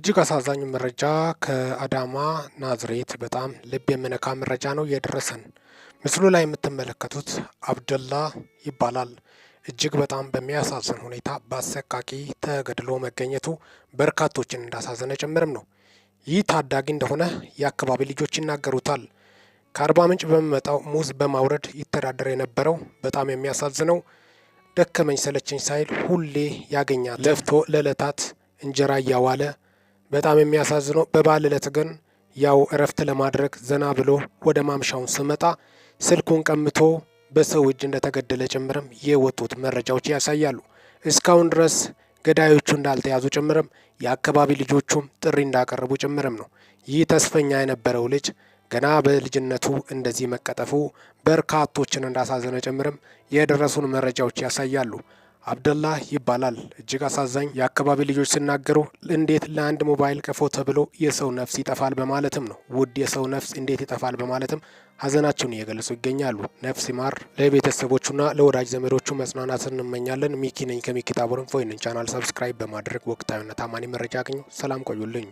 እጅግ አሳዛኝ መረጃ ከአዳማ ናዝሬት በጣም ልብ የሚነካ መረጃ ነው የደረሰን። ምስሉ ላይ የምትመለከቱት አብደላ ይባላል። እጅግ በጣም በሚያሳዝን ሁኔታ በአሰቃቂ ተገድሎ መገኘቱ በርካቶችን እንዳሳዘነ ጭምርም ነው። ይህ ታዳጊ እንደሆነ የአካባቢ ልጆች ይናገሩታል። ከአርባ ምንጭ በሚመጣው ሙዝ በማውረድ ይተዳደር የነበረው በጣም የሚያሳዝነው ደከመኝ ሰለቸኝ ሳይል ሁሌ ያገኛል ለፍቶ ለዕለታት እንጀራ እያዋለ በጣም የሚያሳዝነው በበዓል ዕለት ግን ያው እረፍት ለማድረግ ዘና ብሎ ወደ ማምሻውን ስመጣ ስልኩን ቀምቶ በሰው እጅ እንደተገደለ ጭምርም የወጡት መረጃዎች ያሳያሉ። እስካሁን ድረስ ገዳዮቹ እንዳልተያዙ ጭምርም የአካባቢ ልጆቹም ጥሪ እንዳቀረቡ ጭምርም ነው። ይህ ተስፈኛ የነበረው ልጅ ገና በልጅነቱ እንደዚህ መቀጠፉ በርካቶችን እንዳሳዘነ ጭምርም የደረሱን መረጃዎች ያሳያሉ። አብደላህ ይባላል። እጅግ አሳዛኝ የአካባቢ ልጆች ሲናገሩ እንዴት ለአንድ ሞባይል ቀፎ ተብሎ የሰው ነፍስ ይጠፋል በማለትም ነው ውድ የሰው ነፍስ እንዴት ይጠፋል በማለትም ሀዘናቸውን እየገለጹ ይገኛሉ። ነፍስ ይማር። ለቤተሰቦቹና ለወዳጅ ዘመዶቹ መጽናናት እንመኛለን። ሚኪ ነኝ ከሚኪ ታቦር ቻናል ሰብስክራይብ በማድረግ ወቅታዊና ታማኒ መረጃ አገኙ ሰላም ቆዩልኝ።